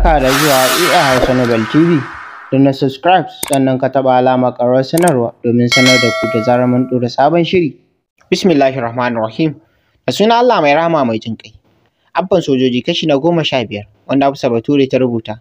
Barka da zuwa EA Hausa Nobel TV. Da na subscribe sannan ka taɓa alama ƙarar sanarwa domin sanar da ku da zarar mun ɗora sabon shiri. rahim Da suna Allah mai rama mai jin ƙai. Abban sojoji kashi na goma sha biyar wanda Hafsa Bature ta rubuta.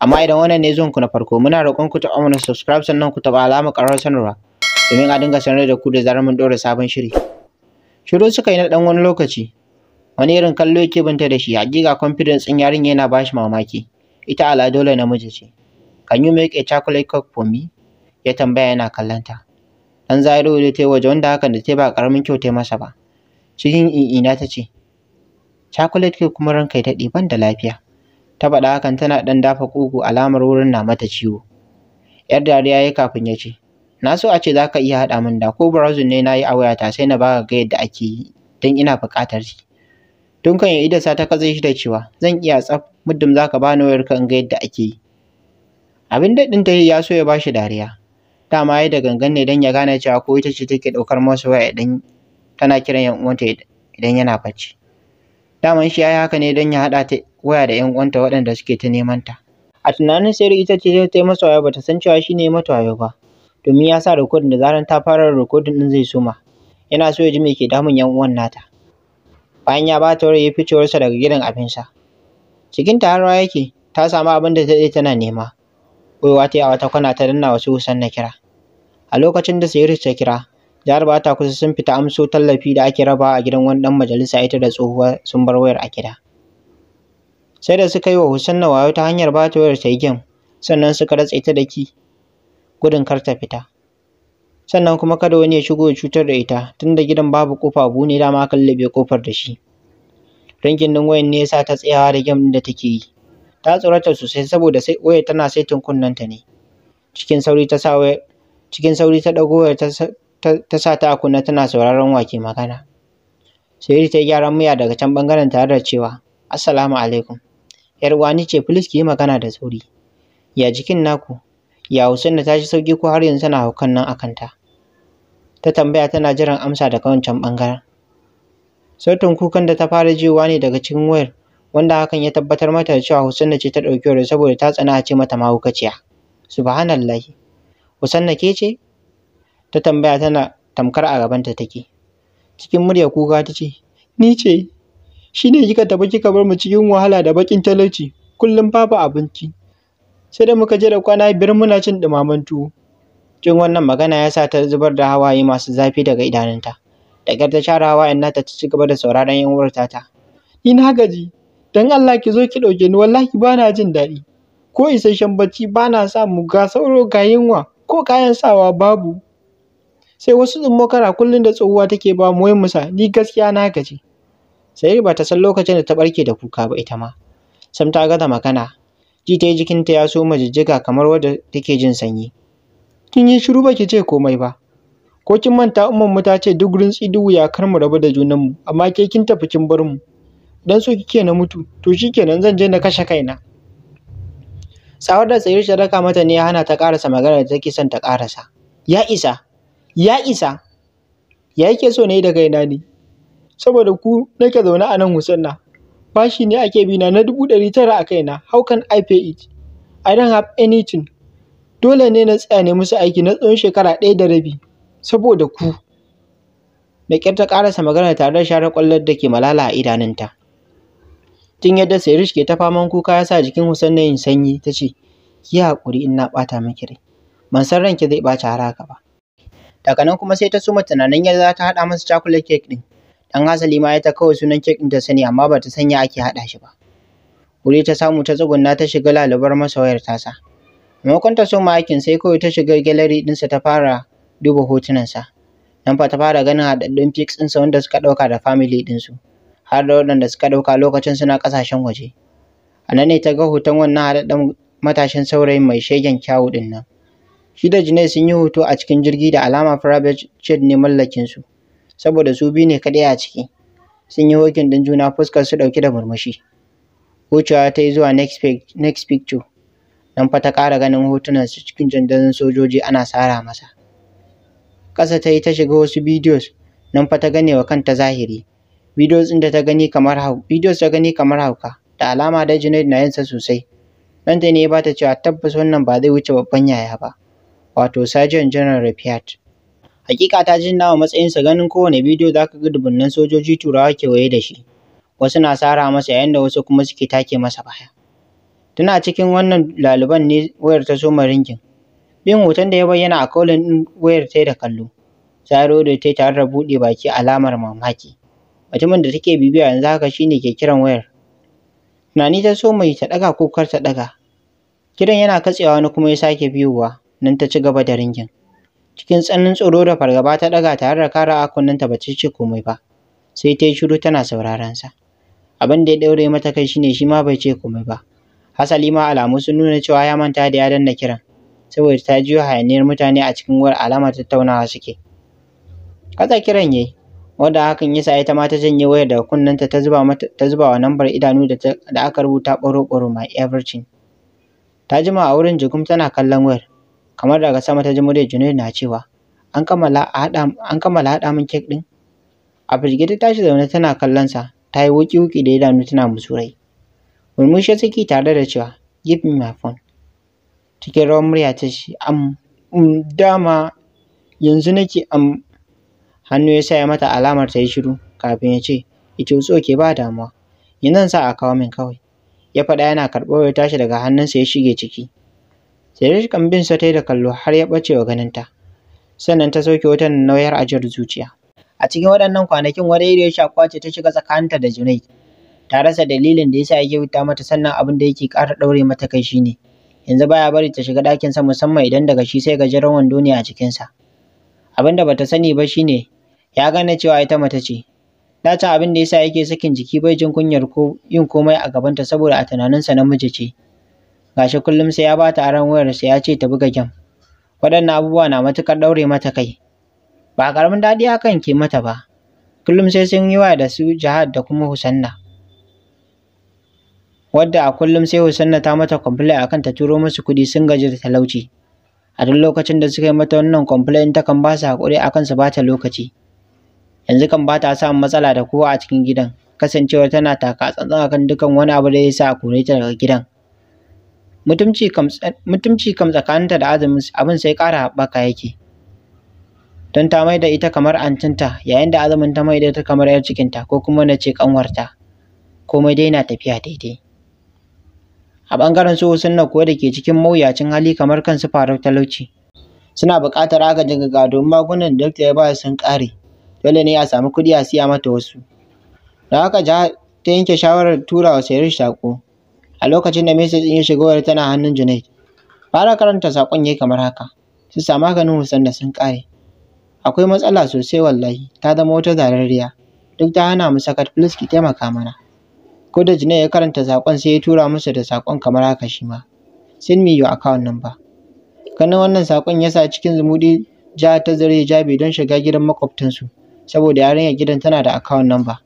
Amma idan wannan ne zuwanku na farko muna roƙon ku taɓa mana subscribe sannan ku taɓa alama ƙarar sanarwa domin a dinga sanar da ku da zarar mun ɗora sabon shiri. Shiru suka yi na ɗan wani lokaci wani irin kallo yake binta da shi hakika confidence ɗin yarin yana bashi mamaki ita ala dole namiji ce can you make a chocolate cake for me ya tambaya yana kallanta dan zairo da tai waje wanda hakan da tai ba karamin kyau yi masa ba cikin ina ta ce chocolate cake kuma ranka ya daɗe ban da lafiya ta faɗa hakan tana ɗan dafa kugu alamar wurin na mata ciwo yar dariya ya kafin ya ce na so a ce za ka iya haɗa min da ko browsing ne na yi a wayata sai na baka ga yadda ake yi don ina buƙatar shi Tun kan ya sa ta katse shi da cewa zan iya tsaf muddin za ka bani wayar in ga yadda ake yi. Abin daɗin ta yi ya so ya ba shi dariya. Dama ya da gangan ne don ya gane cewa ko ita ce take ɗaukar masa waya idan tana kiran ‘yan uwanta idan yana bacci. Daman shi ya yi haka ne don ya haɗa ta waya da ‘yan uwanta waɗanda suke ta neman ta. A tunanin sayar ita ce ta yi masa wayo ta san cewa shi ne mata wayo ba. Domin ya sa rikodin da zaran ta fara rikodin din zai suma. Yana so ya ji me ke damun ‘yan uwan nata. bayan ya bata wuri ya ficewarsa daga gidan abinsa. Cikinta har rawa yake, ta samu abin da ta tana nema. Koyewa ta yi a wata kwana ta danna wasu wusan na kira. A lokacin da Sayyidu ta kira, Jaraba ta kusa sun fita amso tallafi da ake rabawa a gidan wani ɗan majalisa ita da tsohuwa sun bar wayar a gida. Sai da suka yi wa Hussan na wayo ta hanyar bata wayar ta yi gem, sannan suka ratse ta da ki gudun kar ta fita. sannan kuma kada wani ya shigo ya cutar da ita tunda gidan babu kofa abu ne dama aka lullube kofar da shi rangin din wayan ne yasa ta tsayawa da game da take yi ta tsorata sosai saboda sai wayar tana saitin kunnenta ne cikin sauri ta sa wayar cikin sauri ta ɗago wayar ta sa ta a kunna tana sauraron wake magana Sayyidu ta yi gyaran miya daga can bangaren tare da cewa, Assalamu alaikum. ‘Yar wani ce filis ki yi magana da sauri. Ya jikin naku, ya Hussein da ta ji sauƙi ko har yanzu tana haukan nan akan ta. ta tambaya tana jiran amsa daga wancan ɓangaren. Sautin kukan da ta fara jiwa ne daga cikin wayar, wanda hakan ya tabbatar mata da cewa Husanna ce ta ɗauki wayar saboda ta tsana a ce mata mahaukaciya. Subhanallahi. Husanna ke ce? Ta tambaya tana tamkar a gabanta take. Cikin murya kuka ta ce, Ni ce, shi ne kika tafi kika bar mu cikin wahala da baƙin talauci, kullum babu abinci. Sai da muka je da kwana biyar muna cin ɗumamen tuwo. Jin wannan magana ya sa ta zubar da hawaye masu zafi daga idanunta. Da ta share hawayen nata ta ci gaba da sauraron yan uwar tata. Ni na gaji, dan Allah ki zo ki ɗauke ni wallahi ba na jin daɗi. Ko isasshen bacci ba na samu ga sauro ga yunwa ko kayan sawa babu. Sai wasu tsummokara kullum da tsohuwa take ba mu musa ni gaskiya na gaji. Sai ba ta san lokacin da ta barke da kuka ba ita ma. Sam ta gaza magana, ji ta yi jikinta ya soma jijjiga kamar wadda take jin sanyi. kin yi shiru ba ki ce komai ba ko kin manta umman mu ta ce duk rintsi duk wuya kar mu rabu da junan mu amma ke kin tafi kin bar mu dan so kike na mutu to shi shikenan zan je na kashe kaina tsawar da tsayir daka mata ne ya hana ta karasa magana da take son ta karasa ya isa ya isa ya yake so na yi daga ina ne saboda ku nake zaune a nan husanna bashi ne ake bi na na dubu ɗari tara a kaina how can i pay it i don't have anything dole ne na tsaya ne musu aiki na tsawon shekara ɗaya da rabi saboda ku da ƙyar ta ƙarasa magana tare da share ƙwallon da ke malala a idanunta tun yadda sayrish ke ta faman kuka ya sa jikin husan na yin sanyi ta ce ki haƙuri in na ɓata miki rai ban san ranki zai ɓaci har haka ba daga nan kuma sai ta suma tunanin yadda za ta haɗa masa chocolate cake ɗin dan hasali ma ya ta kawai sunan kek ɗin ta sani amma ba ta sanya ake haɗa shi ba wuri ta samu ta tsuguna ta shiga lalubar masa wayar tasa Maimakon ta soma aikin sai kawai ta shiga gallery ɗinsa ta fara duba hotunansa. Nan fa ta fara ganin haɗaɗɗun pics ɗinsa wanda suka ɗauka da family ɗinsu, har da waɗanda suka ɗauka lokacin suna ƙasashen waje. A nan ne ta ga hoton wannan haɗaɗɗen matashin saurayin mai shegen kyawu ɗin nan. Shi da Junaid sun yi hoto a cikin jirgi da alama private jet ne mallakinsu, saboda su biyu ne kaɗai a ciki. Sun yi hokin ɗin juna fuskar su ɗauki da murmushi. Wucewa ta yi zuwa next, next picture. nan fa ta ƙara ganin hotunan su cikin jandarin sojoji ana sara masa ƙasa ta yi ta shiga wasu bidiyos nan fa ta gane wa kanta zahiri bidiyos ɗin da ta gani kamar hau bidiyos ta gani kamar hauka da alama da Junaid na yinsa sosai ɗanta ne ya bata cewa tabbas wannan ba zai wuce babban yaya ba wato Sergeant General Rafiat hakika ta jin nawa matsayinsa ganin kowane bidiyo za ka ga dubunnan sojoji turawa kewaye da shi wasu na sara masa yayin da wasu kuma suke take masa baya Tana cikin wannan laliban ne wayar ta soma ringin. Bin hoton da ya bayyana a kolin ɗin wayar ta da kallo. Zaro da ta tare da buɗe baki alamar mamaki. Mutumin da take bibiya yanzu haka shine ke kiran wayar. Tunani ta so mai ta ɗaga ko kar ta ɗaga. Kiran yana katsewa wani kuma ya sake biyowa, nan ta ci gaba da ringin. Cikin tsananin tsoro da fargaba ta ɗaga tare da kara ta bata ce komai ba. Sai ta yi shiru tana sauraron sa. Abin da ya ɗaure mata kai shine shi ma bai ce komai ba. Hasali ma alamu sun nuna cewa ya manta da ya danna kiran saboda ta jiyo hayaniyar mutane a cikin uwar alamar tattaunawa suke. Katsa kiran yayi wanda hakan yasa ita ma ta janye wayar daga kunnenta ta zuba mata ta zuba wa lambar idanu da da aka rubuta ɓoro-ɓoro ɓoro my everything. Ta jima a wurin jikum tana kallon wayar kamar daga sama ta ji murya Junaid na cewa an kammala haɗa an kammala haɗa min kek ɗin. A firgita tashi zaune tana kallon sa ta yi wuki-wuki da idanu tana musurai. murmushi take tare da cewa give me my phone cikin rawar murya ta ce am mm, dama yanzu nake am hannu ya saya mata alamar ta yi shiru kafin ya ce ita utso ke ba damuwa zan sa a kawo min kawai ya faɗa yana karɓar ya tashi daga hannunsa ya shige ciki sai da shikan bin sa ta da kallo har ya ɓace wa ta. sannan ta sauke wata nauyar ajiyar zuciya a cikin waɗannan kwanakin wani ya sha ce ta shiga tsakaninta da Junaid ta rasa dalilin da yasa yake wuta mata sannan abin da yake ƙara ɗaure mata kai shine yanzu baya bari ta shiga ɗakin sa musamman idan daga shi sai gajeren wando ne a cikin sa abin da bata sani ba shine ya gane cewa ita mace ce dace abin da yasa yake sakin jiki bai jin kunyar ko yin komai a gaban ta saboda a tunanin tunaninsa namiji ce gashi kullum sai ya bata aron wayarsa ya ce ta buga gem waɗannan abubuwa na matuƙar ɗaure mata kai ba ƙaramin daɗi hakan ke mata ba kullum sai sun yi waya da su jihad da kuma husanna wadda a kullum sai Husanna ta mata complain akan ta turo musu kudi sun gaji da talauci. A duk lokacin da suka yi mata wannan complain ta kan ba su haƙuri akan su bata lokaci. Yanzu kan ba ta samun matsala da kowa a cikin gidan, kasancewar tana taka tsantsan akan dukan wani abu da ya sa a kore ta daga gidan. Mutumci kam tsakaninta da azumin abin sai ƙara haɓaka yake. don ta mai da ita kamar antinta yayin da azumin ta mai da ta kamar yar cikinta ko kuma na ce kanwarta komai dai na tafiya daidai a ɓangaren su sunan kuwa da ke cikin mawuyacin hali kamar kansu faruk talauci suna buƙatar agajin gaggawa domin magunan da ya ba sun ƙare dole ne a samu kuɗi a siya mata wasu da haka ja ta yanke shawarar tura wa sayar saƙo a lokacin da message ɗin ya shiga wayar tana hannun Junaid fara karanta saƙon yayi kamar haka su samu maganin Hussein da sun kare. akwai matsala sosai wallahi ta zama wata zarariya duk ta hana mu sakat plus ki taimaka mana Ko da Junaid ya karanta saƙon sai ya tura musu da saƙon kamar haka shi ma. Send me your account number. Ganin wannan saƙon ya sa cikin zumuɗi Jihar ta zare hijabi don shiga gidan maƙwabtansu saboda yarinyar gidan tana da account number.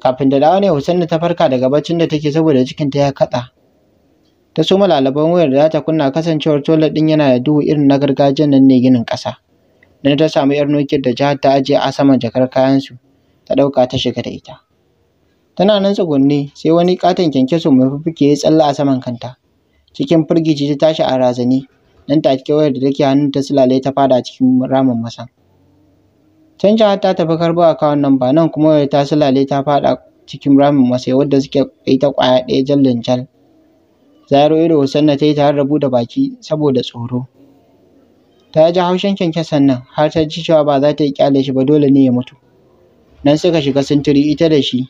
Kafin da dawo ne Husaina ta farka daga baccin da take saboda jikinta ya katsa. ta soma lalaban wayar da ta kunna kasancewar tolar din yana da duhu irin na gargajiyan nan ne ginin ƙasa. Dan ta samu yar nokiyar da jihar ta ajiye a saman jakar kayansu ta ɗauka ta shiga da ita. Tana nan tsugunne sai wani katon kyankyaso mai fuffuke ya tsalla a saman kanta. Cikin firgici ta tashi a razani, nan take wayar da take hannun ta silale ta fada cikin ramin masan. canja hatta ta tafi karbo akawun nan ba nan kuma wayar ta silale ta fada cikin ramin masai wadda suke kai ta kwaya ɗaya jallin jal. Zaro ido Husanna ta yi rabu da baki saboda tsoro. Ta ji haushin kyankyason nan har ta ji cewa ba za ta yi kyale shi ba dole ne ya mutu. Nan suka shiga sintiri ita da shi.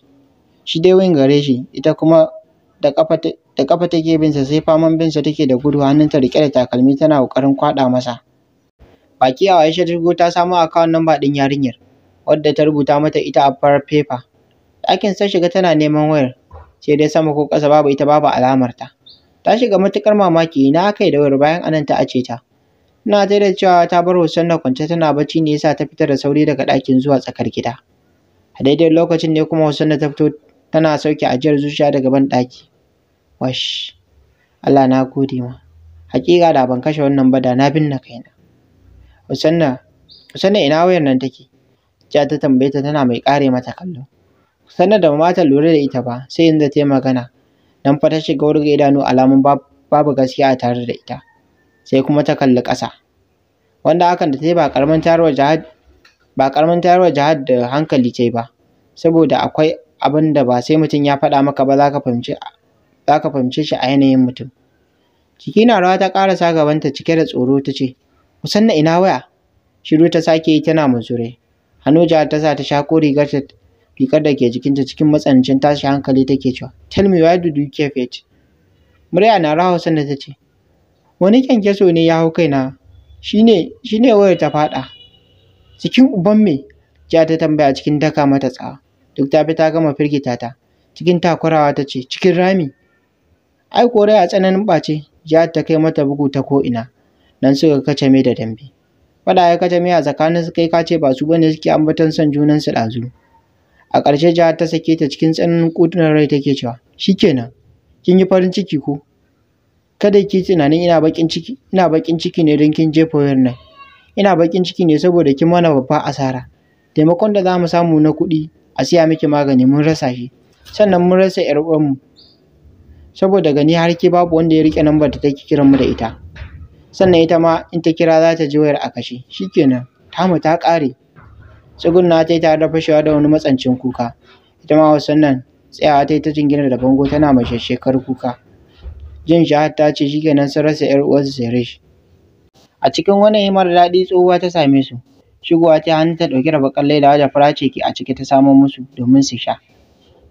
shi dai wayin gare shi ita kuma da ƙafa take binsa sai faman binsa take da gudu hannunta riƙe da takalmi tana ƙoƙarin kwaɗa masa. Baki a Aisha ta ta samo akawun number din yarinyar wadda ta rubuta mata ita a farar fefa. Ɗakin sun shiga tana neman wayar sai dai sama ko ƙasa babu ita babu alamar Ta shiga matukar mamaki na aka yi da wayar bayan anan ta ace ta. Ina da cewa ta bar Hussein na kwance tana bacci ne yasa ta fita da sauri daga ɗakin zuwa tsakar gida. A daidai lokacin ne kuma Hussein ta fito tana sauke ajiyar zuciya daga banɗaki wash Allah na gode ma hakika da ban kashe wannan ba da na binne kaina Usanna Usanna ina wayar nan take ja ta tambaye ta tana mai kare mata kallo Usanna da mama ta lura da ita ba sai inda ta yi magana nan fa ta shiga wurga idanu alamun babu gaskiya a tare da ita sai kuma ta kalli ƙasa wanda hakan da ta yi ba karamin tayarwar jihad ba karamin tayarwar jihad da hankali ce ba saboda akwai abin da ba sai mutum ya faɗa maka ba za ka fahimci fahimce shi a yanayin mutum jiki na rawa ta ƙarasa gabanta cike da tsoro ta ce kusan na ina waya shiru ta sake yi tana mutsure hanuja ta sa ta shako rigar ta rigar da ke jikinta cikin matsanancin tashi hankali take cewa tell me why do you keep it murya na rawa sanda ta ce wani kyankyaso ne ya hau kaina Shi ne wayar ta faɗa cikin uban me ja ta tambaya cikin daka mata tsawa duk ta fi ta gama firgita ta cikin takurawa ta ce cikin rami ai korai a tsananin ɓace jihar ta kai mata bugu ta ko'ina nan suka kace mai da dambe faɗa ya kace mai a tsakanin su kai kace ba su bane suke ambaton son junan su ɗazu a ƙarshe jihar ta sake ta cikin tsananin kutunan rai take cewa shikenan kin yi farin ciki ko kada ki tunanin ina bakin ciki ina bakin ciki ne don kin jefa wayar nan ina bakin ciki ne saboda kin mana babba asara taimakon da za mu samu na kuɗi a siya miki magani mun rasa shi sannan mun rasa yar uwanmu saboda gani har ki babu wanda ya rike lambar da take kiran mu da ita sannan ita ma in ta kira za ta ji wayar a kashe shikenan tamu ta tsugun tsugunna ta yi tare da fashewa da wani matsancin kuka ita ma wasan nan tsayawa ta yi ta jingina da bango tana mai kar kuka jin shahad ta ce shikenan sun rasa yar uwarsu Suresh a cikin wani mara daɗi tsohuwa ta same su shigowa ta ta ɗauki da bakan leda wajen fara ce ke a ciki ta samo musu domin su sha.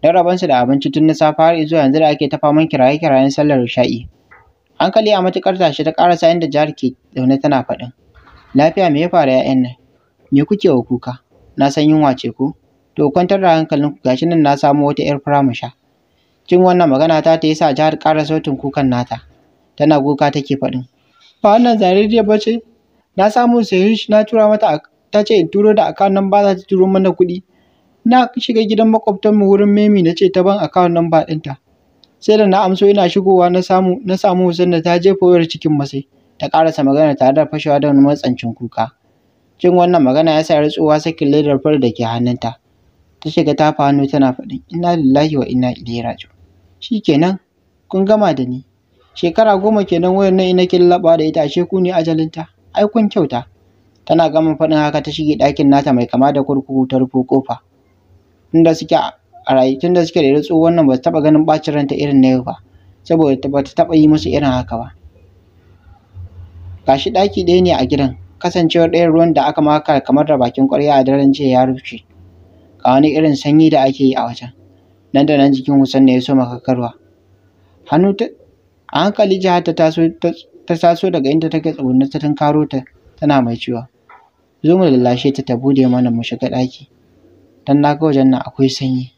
Don rabonsu da abinci tun na safe har zuwa yanzu da ake ta faman kiraye-kirayen sallar sha'i. Hankali a matuƙar tashe ta ƙarasa inda jihar ke zaune tana faɗin. Lafiya me ya faru ‘ya'yan nan? Me kuke wa kuka? Na san yunwa ce ko? To kwantar da ku gashi nan na samo wata ‘yar fura mu sha. Cin wannan magana ta ta yi sa jihar ƙara sautin kukan nata. Tana kuka take faɗin. Ba wannan jaririyar ba ce? Na samu shi na tura mata ta ce in turo da account number za ta turo mana kuɗi. Na shiga gidan mu wurin Memi na ce ta ban account number ɗinta. Sai da na amso ina shigowa na samu na samu da ta jefa wayar cikin masai. Ta ƙarasa magana tare da fashewa da wani matsancin kuka. Cin wannan magana ya sa rantsuwa sakin ledar far da ke hannunta. Ta shiga ta hannu tana faɗin "Ina lillahi wa inna ilaihi raji'un. kenan kun gama da ni. Shekara goma kenan wayar nan ina kin da ita ashe ku ne ajalinta. Ai kun kyauta. Tana gama faɗin haka ta shige ɗakin nata mai kama da kurkuku ta rufe ƙofa. Tunda suke a raye tunda suke da tsohon nan ba su taɓa ganin ɓacin ranta irin na yau ba, saboda ba ta taɓa yi musu irin haka ba. Gashi ɗaki ɗaya ne a gidan, kasancewar ɗayan ruwan da aka maka kamar da bakin ƙwarya a daren jiya ya rufe. Ga wani irin sanyi da ake yi a wajen. Nan da nan jikin wusan ne ya so makakarwa. Hannu ta a hankali jihar ta taso daga inda take tsugunne ta tunkaro ta tana mai cewa zo mu lallashe ta ta bude mana mu shiga ɗaki dan na ga wajen nan akwai sanyi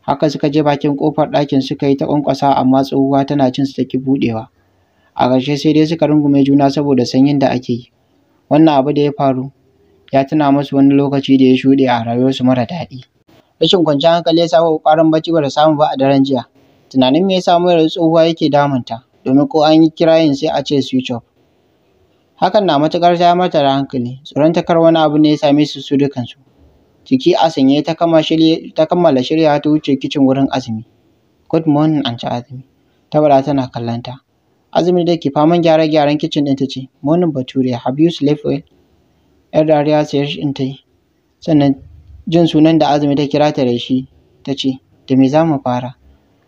haka suka je bakin kofar ɗakin suka yi ta kwankwasa amma tsohuwa tana cin su take buɗewa. a ƙarshe sai dai suka rungume juna saboda sanyin da ake yi wannan abu da ya faru ya tuna musu wani lokaci da ya shuɗe a rayuwarsu mara daɗi rashin kwanciyar hankali ya sa ƙwarin bacci ba da samu ba a daren jiya tunanin me ya samu da tsohuwa yake damunta domin ko an yi kirayin sai a ce switch off Hakan na matuƙar ja mata da hankali, ta kar wani abu ne ya same su su dukansu. Jiki a sanye ta kammala shirya ta wuce kicin wurin Azumi. Good morning, ci Azumi. bara tana kallonta. Azumi da ke faman gyara-gyaran kicin ɗin ta ce, Morning Bature, have you slept well? ‘Yar dariya sayar ta yi. Sannan jin sunan da Azumi ta kira ta da shi ta ce, Da me za mu fara?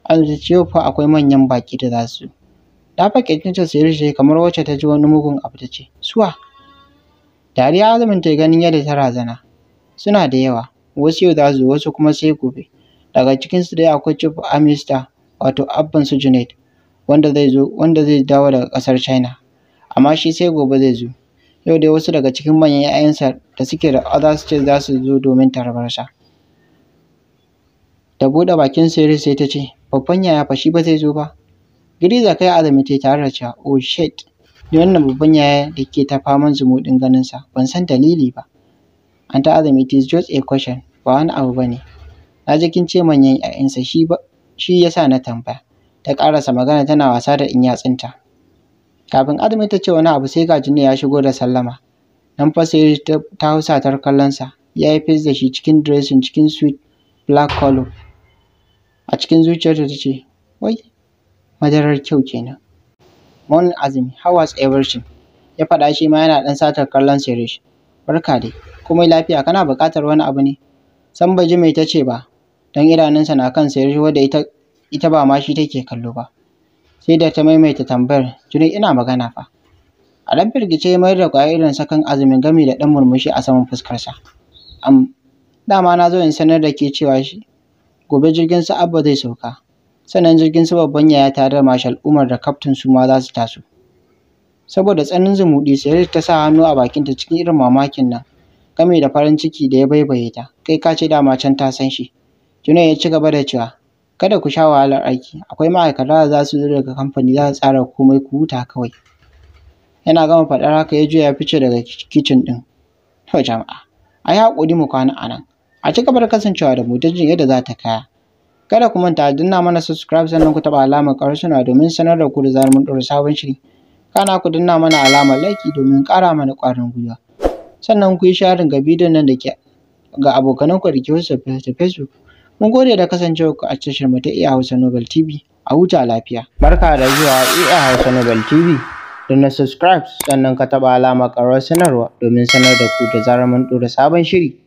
Azumi ta ce, Yau fa akwai manyan baƙi da za su Dafa ƙirjinta sai ce kamar wacce ta ji wani mugun abu ta ce, Suwa! Dariya azumin ta ganin yadda ta razana. Suna da yawa, wasu yau za su wasu kuma sai gobe. Daga cikinsu dai akwai Chief Amista, wato abban su Junaid, wanda zai zo wanda zai dawo daga kasar China. Amma shi sai gobe zai zo. Yau dai wasu daga cikin manyan 'ya'yansa da suke da other su za su zo domin sa Da buɗe bakin sayar sai ta ce, Babban yaya fa shi ba zai zo ba. Girgiza kai Azumi ta yi tare da cewa oh shit ni wannan babban yaya da ke ta faman zumuɗin ganinsa ban san dalili ba. Anta Azumi it is just a question ba wani abu ba ne. Na ji kin ce manyan 'ya'yansa shi ba shi ya sa na tambaya. Ta ƙarasa magana tana wasa da in yatsunta. Kafin Azumi ta ce wani abu sai ga Junai ya shigo da sallama. Nan fa sai ta sa tar kallonsa ya yi fes da shi cikin dressing cikin sweet black color. A cikin zuciyarta ta ce wai madarar kyau kenan. Morning Azumi, how was everything? Ya faɗa shi ma yana ɗan satar kallon Suresh. Barka dai, komai lafiya kana buƙatar wani abu ne? Sam bai ji mai ta ce ba, don idanunsa na kan Suresh wadda ita, ita ba ma shi take kallo ba. Sai da ta maimaita tambayar, Jure ina magana fa. A ɗan firgice ya mayar da ƙwayar irin sakan azumin gami da ɗan murmushi a saman fuskarsa. Am, dama na zo in sanar da ke cewa shi, gobe jirgin su Abba zai sauka. sannan jirgin su babban yaya tare da Marshal Umar da kaftin su ma za su taso. Saboda tsanin zumuɗi sai ta sa hannu a bakinta cikin irin mamakin nan, game da farin ciki da ya baibaye ta, kai ka ce dama can ta san shi. Junaid ya ci gaba da cewa, kada ku sha wahalar aiki, akwai ma'aikata da za su zo daga kamfani za su tsara komai ku huta kawai. Yana gama faɗar haka ya juya ya fice daga kicin ɗin. To jama'a, a yi haƙuri mu kwana a nan, a ci gaba da kasancewa da mu ta jin yadda za ta kaya. Kada ku manta danna mana subscribe sannan ku taba alamar suna domin sanar da ku da zarar mun ɗora sabon shiri. Kana ku danna mana alamar like domin ƙara mana ƙwarin gwiwa. Sannan ku yi sharing ga bidiyon nan da ke ga abokananku da ke wasu da Facebook. Mun gode da kasancewa ku a tashar mu ta iya Hausa Nobel TV. A huta lafiya. Barka da zuwa iya Hausa Nobel TV. Da na subscribe sannan ka taɓa alamar ƙarar sanarwa domin sanar da ku da zarar mun ɗora sabon shiri.